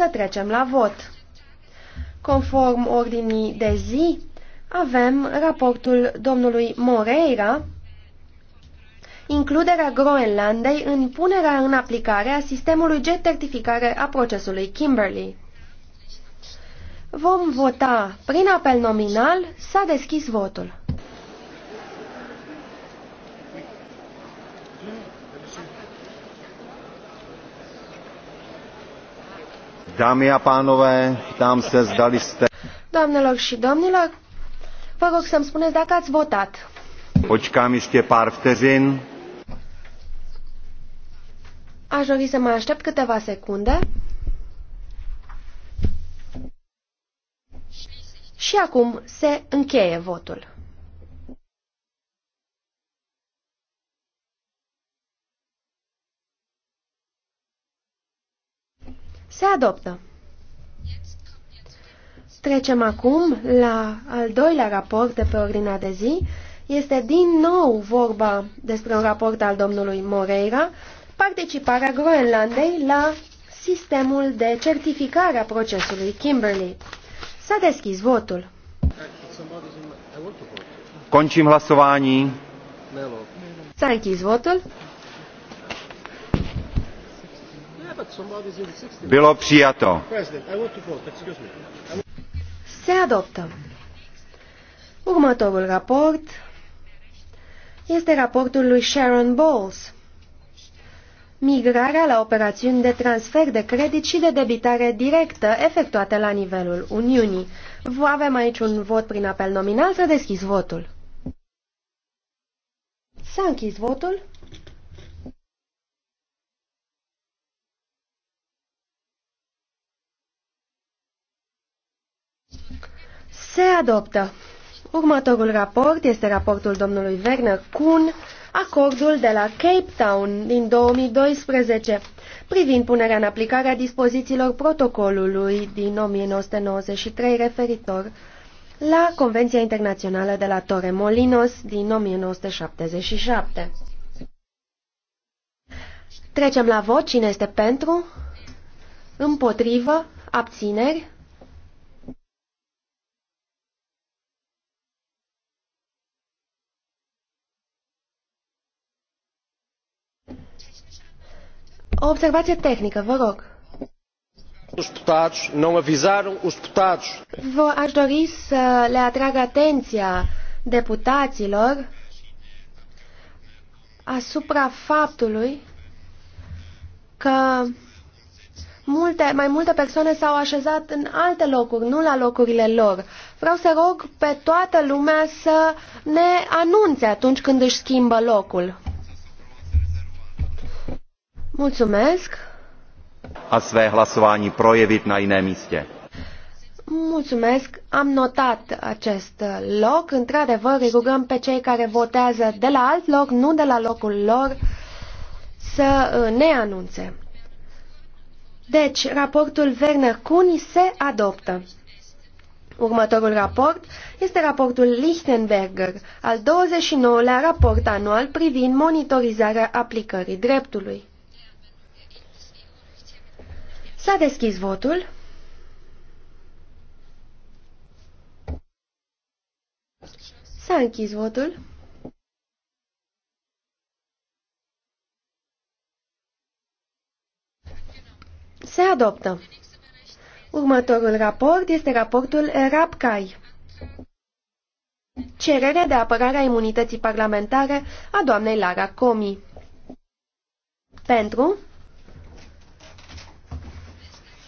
să trecem la vot. Conform ordinii de zi, avem raportul domnului Moreira, includerea Groenlandei în punerea în aplicare a sistemului de certificare a procesului Kimberley. Vom vota prin apel nominal. S-a deschis votul. Doamnelor și domnilor, vă rog să-mi spuneți dacă ați votat. Počkám ještě pár vteřin. Až dori se mai aștept câteva secunde. Și acum se încheie votul. Se adoptă. Trecem acum la al doilea raport de pe ordinea de zi. Este din nou vorba despre un raport al domnului Moreira, participarea Groenlandei la sistemul de certificare a procesului Kimberley. S-a deschis votul. Concim hlasování. S-a închis votul. Bylo přijato. Se adoptă. Următorul raport este raportul lui Sharon Bowles. Migrarea la operațiuni de transfer de credit și de debitare directă efectuate la nivelul Uniunii. Vă avem aici un vot prin apel nominal, să deschis votul. S-a închis votul. Se adoptă. Următorul raport este raportul domnului Werner Kuhn, acordul de la Cape Town din 2012, privind punerea în aplicare a dispozițiilor protocolului din 1993 referitor la Convenția Internațională de la Torremolinos din 1977. Trecem la vot. Cine este pentru? Împotrivă? Abțineri? O observație tehnică, vă rog. Vă aș dori să le atrag atenția deputaților asupra faptului că multe, mai multe persoane s-au așezat în alte locuri, nu la locurile lor. Vreau să rog pe toată lumea să ne anunțe atunci când își schimbă locul. Mulțumesc. A své hlasování projevit na jiném místě. Mulțumesc, am notat acest loc. Într-adevăr, îi rugăm pe cei care votează de la alt loc, nu de la locul lor, să uh, ne anunțe. Deci, raportul Werner Kuni se adoptă. Următorul raport este raportul Lichtenberger, al 29-lea raport anual privind monitorizarea aplicării dreptului. S-a deschis votul. S-a închis votul. Se adoptă. Următorul raport este raportul RAPCAI. Cererea de apărare a imunității parlamentare a doamnei Lara Comi. Pentru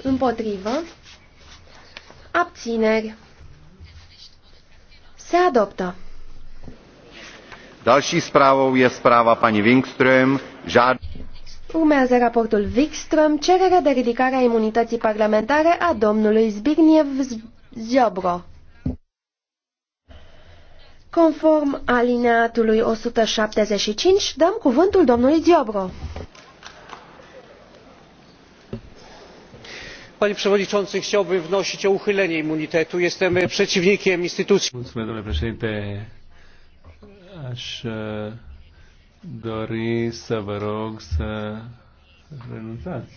Împotrivă. Abțineri. Se adoptă. Další zprávou je zpráva paní Wingström. Žád... Urmează raportul Wikström, cererea de ridicare a imunității parlamentare a domnului Zbigniew Ziobro. Conform alineatului 175, dăm cuvântul domnului Ziobro. pani przewodnicząca! chciałbym wnosić o uchylenie immunitetu. jestem przeciwnikiem instytucji. domnule președinte aș dori să vă rog să renunțați.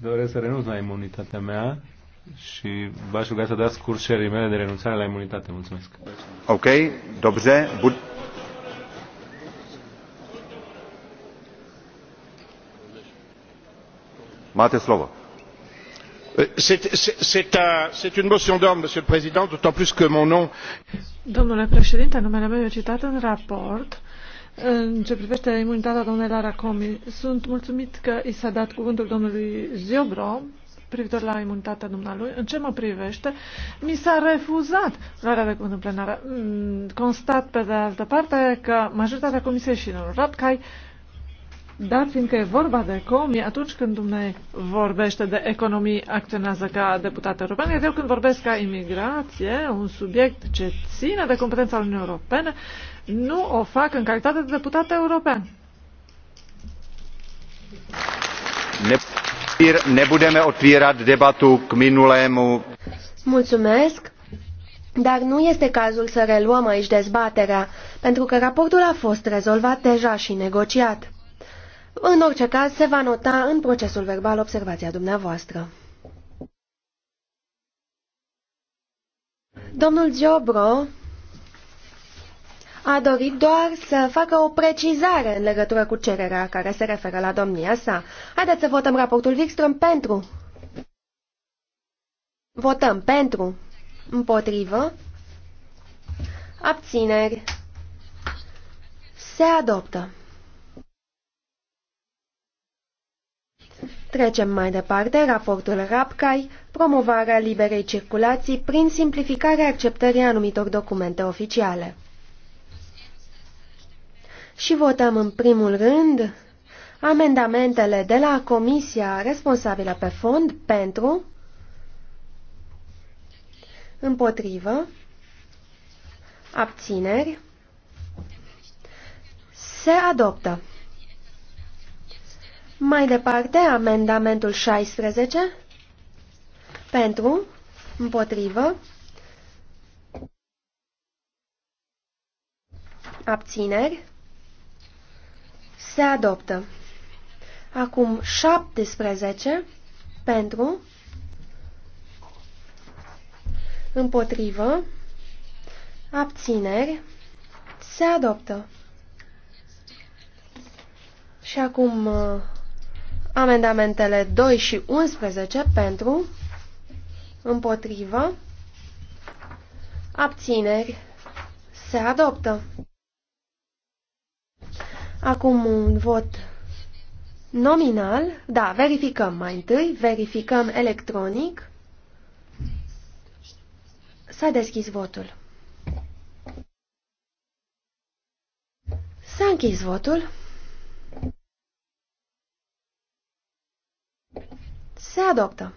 Doresc să renunț la imunitatea mea și v-aș ruga să dați curs cererii mele de renunțare la imunitate. Mulțumesc. Ok, dobrze. Bun. Máte slovo c'est une motion d'ordre monsieur le président d'autant plus que mon nom. domnule președinte numele meu e citat în raport în ce privește imunitatea domnului Lara Comi. Sunt mulțumit că i s-a dat cuvântul domnului Ziobro privitor la imunitatea dumnealui. În ce mă privește, mi s-a refuzat luarea de cuvânt în plenară. Mm, constat pe de altă parte că majoritatea comisiei și în Rapcai dar fiindcă e vorba de economie, atunci când dumnei vorbește de economii, acționează ca deputat european, iar eu când vorbesc ca imigrație, un subiect ce ține de competența Uniunii Europene, nu o fac în calitate de deputat european. Ne, ne budeme otvírat debatu k minulému. Mulțumesc, dar nu este cazul să reluăm aici dezbaterea, pentru că raportul a fost rezolvat deja și negociat. În orice caz, se va nota în procesul verbal observația dumneavoastră. Domnul Giobro a dorit doar să facă o precizare în legătură cu cererea care se referă la domnia sa. Haideți să votăm raportul Wikström pentru. Votăm pentru. Împotrivă. Abțineri. Se adoptă. Trecem mai departe, raportul RAPCAI, promovarea liberei circulații prin simplificarea acceptării anumitor documente oficiale. Și votăm în primul rând amendamentele de la Comisia responsabilă pe fond pentru, împotrivă, abțineri, se adoptă. Mai departe, amendamentul 16. Pentru, împotrivă, abțineri, se adoptă. Acum 17 pentru, împotrivă, abțineri, se adoptă. Și acum uh, Amendamentele 2 și 11 pentru, împotrivă, abțineri, se adoptă. Acum un vot nominal. Da, verificăm mai întâi, verificăm electronic. S-a deschis votul. S-a închis votul. Se adoptă.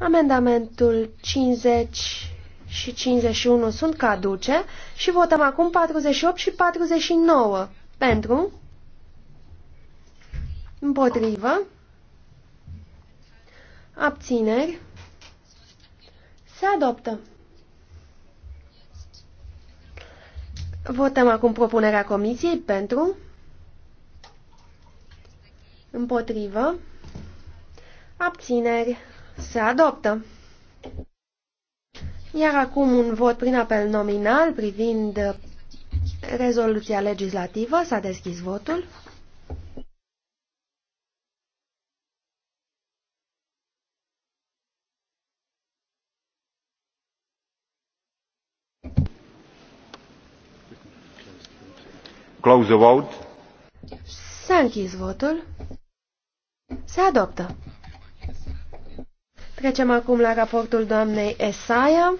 Amendamentul 50 și 51 sunt caduce și votăm acum 48 și 49 pentru, împotrivă, abțineri, se adoptă. Votăm acum propunerea comisiei pentru, Împotrivă. Abțineri. Se adoptă. Iar acum un vot prin apel nominal privind rezoluția legislativă. S-a deschis votul. Close the vote. S-a închis votul. Se adoptă. Trecem acum la raportul doamnei Esaia.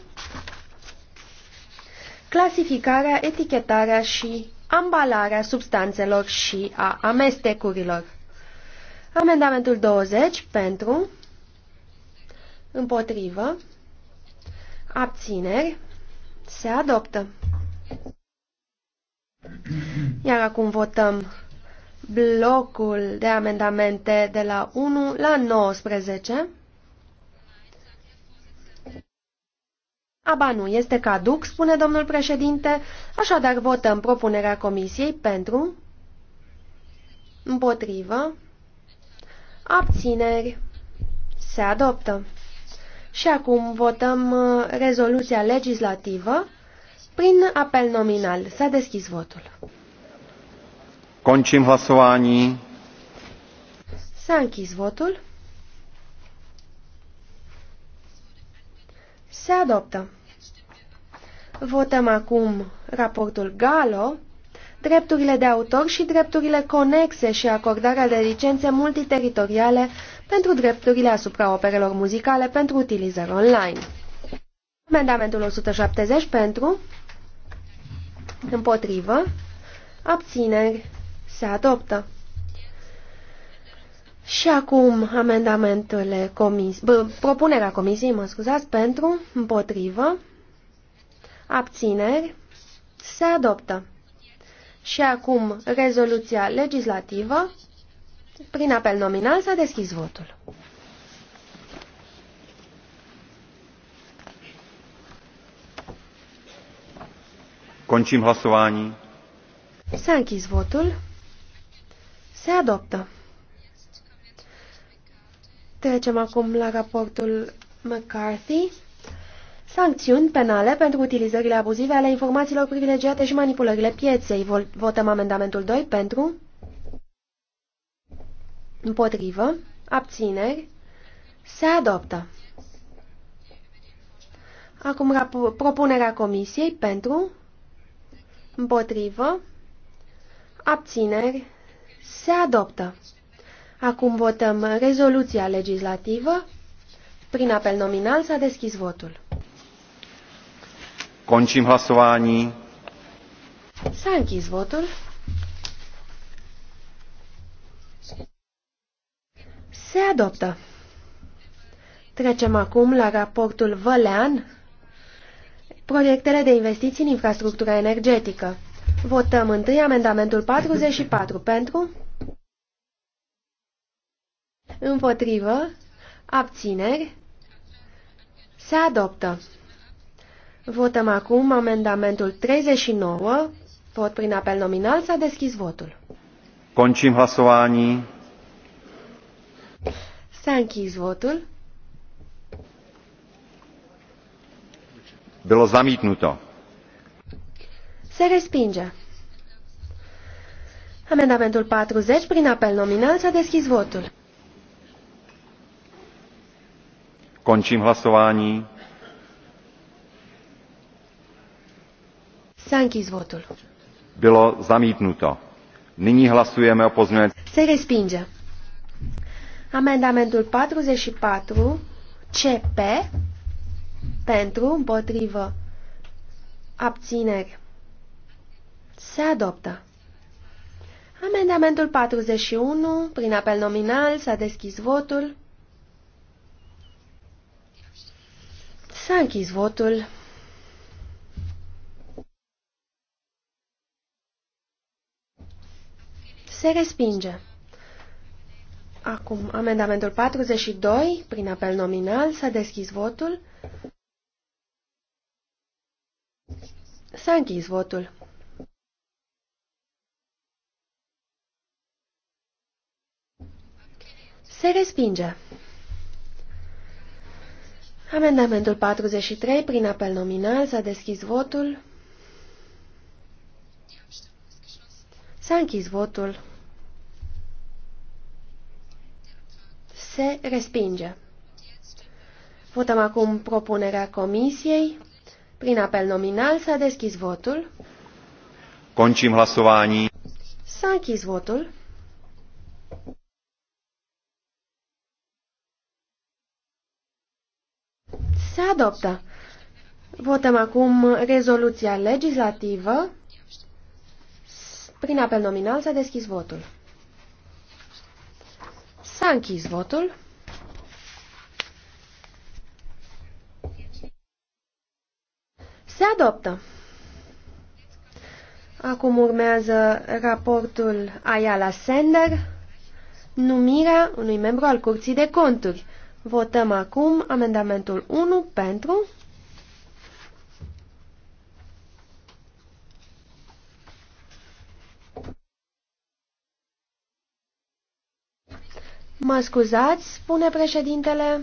Clasificarea, etichetarea și ambalarea substanțelor și a amestecurilor. Amendamentul 20 pentru, împotrivă, abțineri, se adoptă. Iar acum votăm blocul de amendamente de la 1 la 19. Aba nu, este caduc, spune domnul președinte, așadar votăm propunerea comisiei pentru, împotrivă, abțineri, se adoptă. Și acum votăm uh, rezoluția legislativă prin apel nominal. S-a deschis votul. Končím hlasování. Sanky z votul. Se adoptă. Votăm acum raportul Galo, drepturile de autor și drepturile conexe și acordarea de licențe multiteritoriale pentru drepturile asupra operelor muzicale pentru utilizări online. Amendamentul 170 pentru, împotrivă, abțineri, se adoptă. Și acum amendamentele comis... Bă, propunerea comisiei, mă scuzați, pentru, împotrivă, abțineri, se adoptă. Și acum rezoluția legislativă, prin apel nominal s-a deschis votul. Končím hlasování. S-a închis votul. Se adoptă. Trecem acum la raportul McCarthy. Sancțiuni penale pentru utilizările abuzive ale informațiilor privilegiate și manipulările pieței. Votăm amendamentul 2 pentru, împotrivă, abțineri, se adoptă. Acum propunerea comisiei pentru, împotrivă, abțineri, se adoptă. Acum votăm rezoluția legislativă. Prin apel nominal s-a deschis votul. Končím hlasování. S-a închis votul. Se adoptă. Trecem acum la raportul Vălean, proiectele de investiții în infrastructura energetică. Votăm întâi amendamentul 44 pentru, împotrivă, abțineri, se adoptă. Votăm acum amendamentul 39, vot prin apel nominal, s-a deschis votul. Concim hlasování. S-a închis votul. Bylo zamítnuto. Se respinge. Amendamentul 40, prin apel nominal, s-a deschis votul. Končím hlasování. S-a închis votul. Bylo zamítnuto. Nyní hlasujeme o pozměňovacím. Se respinge. Amendamentul 44 CP pentru împotrivă abțineri se adoptă. Amendamentul 41, prin apel nominal, s-a deschis votul. S-a închis votul. Se respinge. Acum, amendamentul 42, prin apel nominal, s-a deschis votul. S-a închis votul. respinge. Amendamentul 43, prin apel nominal, s-a deschis votul. S-a închis votul. Se respinge. Votăm acum propunerea comisiei. Prin apel nominal s-a deschis votul. Concim hlasování. S-a închis votul. Se adoptă. Votăm acum rezoluția legislativă. Prin apel nominal s-a deschis votul. S-a închis votul. Se adoptă. Acum urmează raportul Ayala Sender, numirea unui membru al Curții de Conturi. Votăm acum amendamentul 1 pentru, Mă scuzați, spune președintele.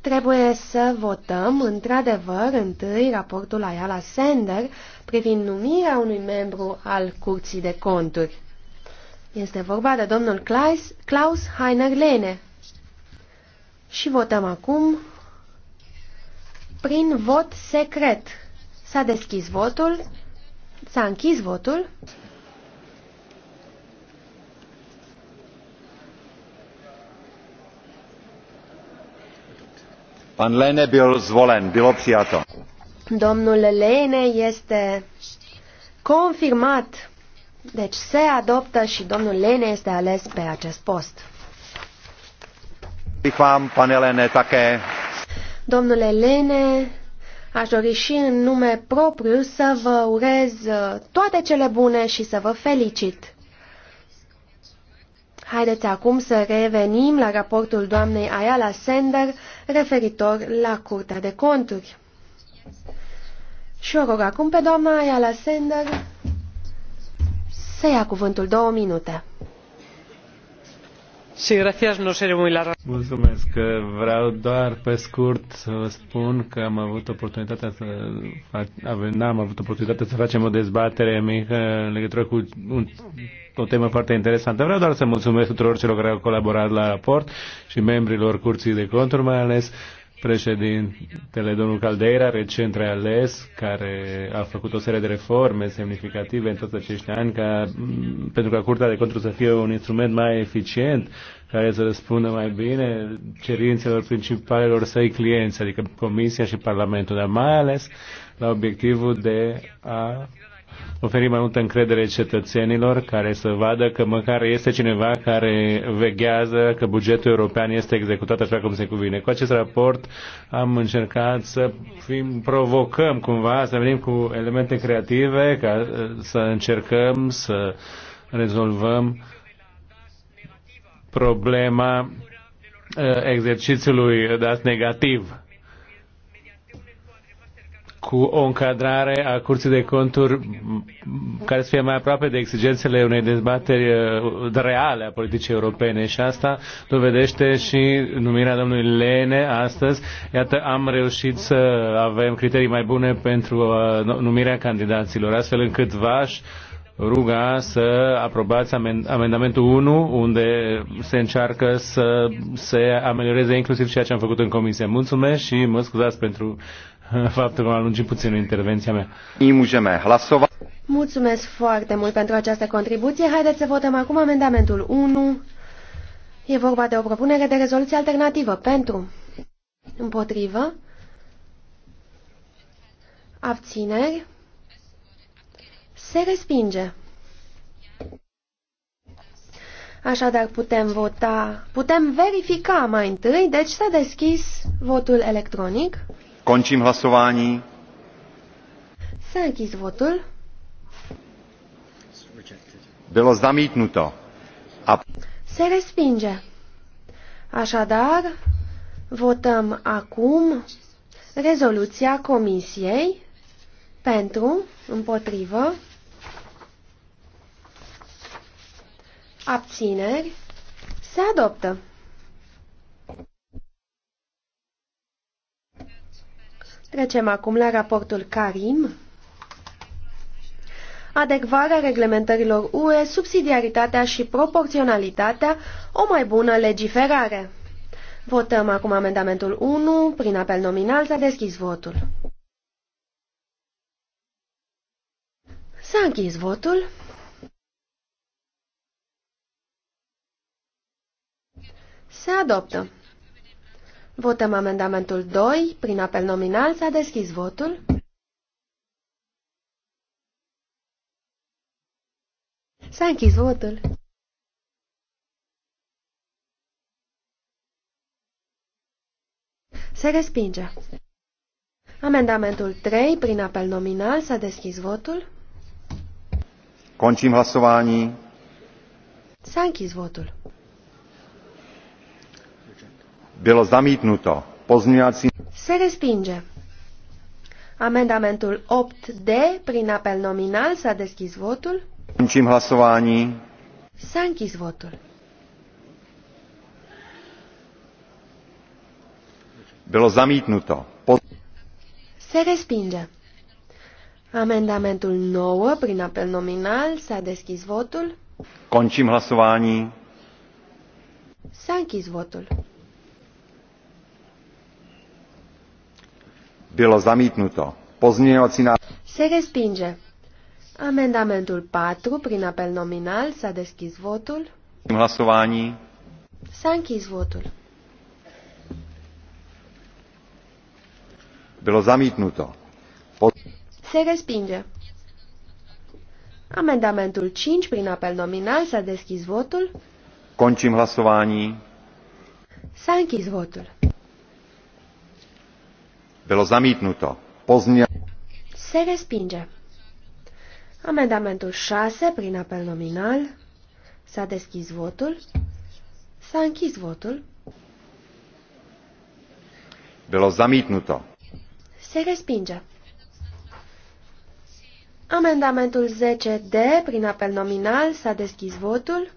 Trebuie să votăm, într-adevăr, întâi raportul Ayala Sender privind numirea unui membru al Curții de Conturi. Este vorba de domnul Klaus, Klaus Heiner Lene. Și votăm acum prin vot secret. S-a deschis votul, s-a închis votul. Pan Lene byl zvolen, bylo přijato. Domnul Lene este confirmat deci se adoptă și domnul Lene este ales pe acest post. Domnule Lene, aș dori și în nume propriu să vă urez uh, toate cele bune și să vă felicit. Haideți acum să revenim la raportul doamnei Ayala Sender referitor la Curtea de Conturi. Și o rog acum pe doamna Ayala Sender să ia cuvântul două minute. Mulțumesc. Vreau doar pe scurt să vă spun că am avut oportunitatea să avem, n-am avut oportunitatea să facem o dezbatere mică în legătură cu un, o temă foarte interesantă. Vreau doar să mulțumesc tuturor celor care au colaborat la raport și membrilor Curții de Conturi, mai ales președintele domnul Caldeira, recent reales, care a făcut o serie de reforme semnificative în toți acești ani ca, pentru ca Curtea de Conturi să fie un instrument mai eficient care să răspundă mai bine cerințelor principalelor săi clienți, adică Comisia și Parlamentul, dar mai ales la obiectivul de a oferi mai multă încredere cetățenilor care să vadă că măcar este cineva care veghează că bugetul european este executat așa cum se cuvine. Cu acest raport am încercat să fim, provocăm cumva, să venim cu elemente creative, ca uh, să încercăm să rezolvăm problema uh, exercițiului dat negativ cu o încadrare a curții de conturi care să fie mai aproape de exigențele unei dezbateri uh, reale a politicii europene și asta dovedește și numirea domnului Lene astăzi. Iată, am reușit să avem criterii mai bune pentru uh, numirea candidaților, astfel încât v-aș ruga să aprobați amendamentul 1, unde se încearcă să se amelioreze inclusiv ceea ce am făcut în comisie. Mulțumesc și mă scuzați pentru faptul că am alungit puțin intervenția mea. Mulțumesc foarte mult pentru această contribuție. Haideți să votăm acum amendamentul 1. E vorba de o propunere de rezoluție alternativă pentru, împotrivă, abțineri, se respinge. Așadar putem vota, putem verifica mai întâi, deci s-a deschis votul electronic. Končím hlasování. S-a Bylo zamítnuto. A... Se respinge. Așadar, votăm acum rezoluția Comisiei pentru, împotrivă, abțineri, se adoptă. Trecem acum la raportul Karim. Adecvarea reglementărilor UE, subsidiaritatea și proporționalitatea, o mai bună legiferare. Votăm acum amendamentul 1. Prin apel nominal s-a deschis votul. S-a închis votul. Se adoptă. Votăm amendamentul 2. Prin apel nominal s-a deschis votul. S-a închis votul. Se respinge. Amendamentul 3, prin apel nominal, s-a deschis votul. Končím hlasování. S-a închis votul. Bylo zamítnuto. Pozměňovací... Se respinge. Amendamentul 8D, prin apel nominal, s-a deschis votul. Încim hlasování. S-a închis votul. Bylo zamítnuto. Po... Se respinge. Amendamentul 9, prin apel nominal, s-a deschis votul. Concim hlasování. S-a închis votul. bylo zamítnuto. Pozměňovací návrh. Se respinge. Amendamentul 4 prin apel nominal s-a deschis votul. Hlasování. S-a închis votul. Bylo zamítnuto. Pod... Se respinge. Amendamentul 5 prin apel nominal s-a deschis votul. Končím hlasování. S-a închis votul. Bylo zamítnuto. Pozmě... Se respinge. Amendamentul 6 prin apel nominal. S-a deschis votul. S-a închis votul. Bylo zamítnuto. Se respinge. Amendamentul 10D prin apel nominal s-a deschis votul.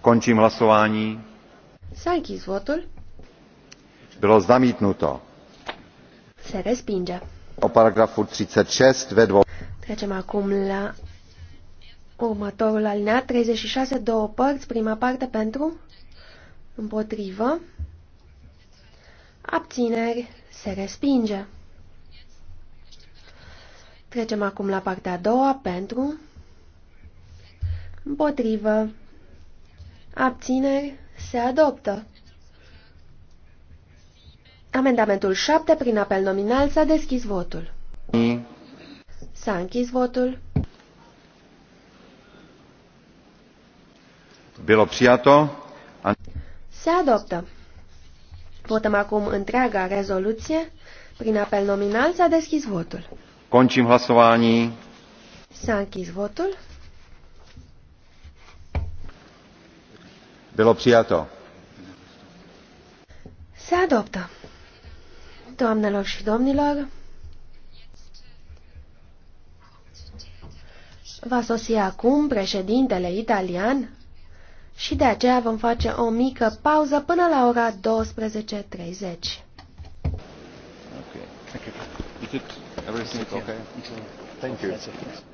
Končím hlasování. S-a închis votul bylo zamítnuto. Se respinge. O paragraful 36 ve dvou... Trecem acum la următorul alineat, 36, două părți, prima parte pentru, împotrivă, abțineri, se respinge. Trecem acum la partea a doua, pentru, împotrivă, abțineri, se adoptă. Amendamentul 7, prin apel nominal, s-a deschis votul. S-a închis votul. Bilo přijato. Se adoptă. Votăm acum întreaga rezoluție. Prin apel nominal s-a deschis votul. Končím hlasování. S-a închis votul. Bilo přijato. Se adoptă. Doamnelor și domnilor, va sosi acum președintele italian și de aceea vom face o mică pauză până la ora 12.30. Okay. Thank you. Is it everything okay? Thank you. Thank you.